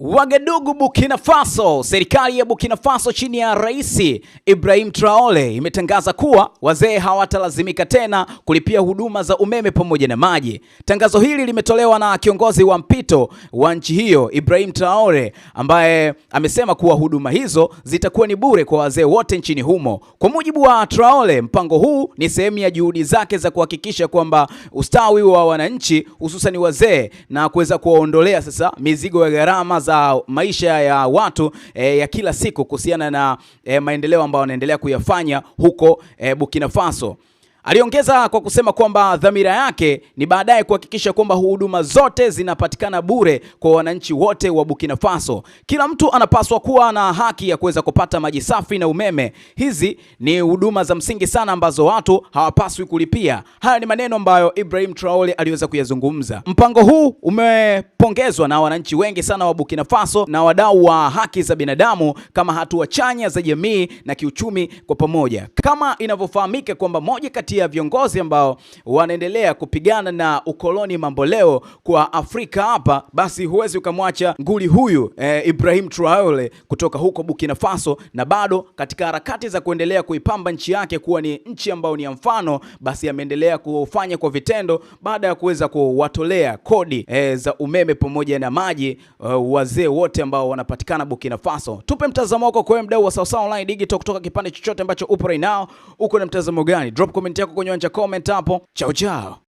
Wagadugu, Burkina Faso. Serikali ya Burkina Faso chini ya Rais Ibrahim Traore imetangaza kuwa wazee hawatalazimika tena kulipia huduma za umeme pamoja na maji. Tangazo hili limetolewa na kiongozi wa mpito wa nchi hiyo Ibrahim Traore, ambaye amesema kuwa huduma hizo zitakuwa ni bure kwa wazee wote nchini humo. Kwa mujibu wa Traore, mpango huu ni sehemu ya juhudi zake za kuhakikisha kwamba ustawi wa wananchi hususan wazee na kuweza kuwaondolea sasa mizigo ya gharama za maisha ya watu e, ya kila siku kuhusiana na e, maendeleo ambayo wanaendelea kuyafanya huko e, Burkina Faso. Aliongeza kwa kusema kwamba dhamira yake ni baadaye kuhakikisha kwamba huduma zote zinapatikana bure kwa wananchi wote wa Burkina Faso. Kila mtu anapaswa kuwa na haki ya kuweza kupata maji safi na umeme. Hizi ni huduma za msingi sana ambazo watu hawapaswi kulipia. Haya ni maneno ambayo Ibrahim Traore aliweza kuyazungumza. Mpango huu umepongezwa na wananchi wengi sana wa Burkina Faso na wadau wa haki za binadamu kama hatua chanya za jamii na kiuchumi kwa pamoja. Kama inavyofahamika kwamba moja kati kupitia viongozi ambao wanaendelea kupigana na ukoloni mambo leo kwa Afrika hapa, basi huwezi ukamwacha nguli huyu e, Ibrahim Traore kutoka huko Burkina Faso, na bado katika harakati za kuendelea kuipamba nchi yake kuwa ni nchi ambayo ni ya mfano, basi ameendelea kufanya kwa vitendo baada ya kuweza kuwatolea kodi e, za umeme pamoja na maji e, wazee wote ambao wanapatikana Burkina Faso. Tupe mtazamo wako kwa mdau wa Sawasawa Online Digital kutoka kipande chochote ambacho upo right now, uko na mtazamo gani? Drop comment kukunyonja comment hapo. Chao chao.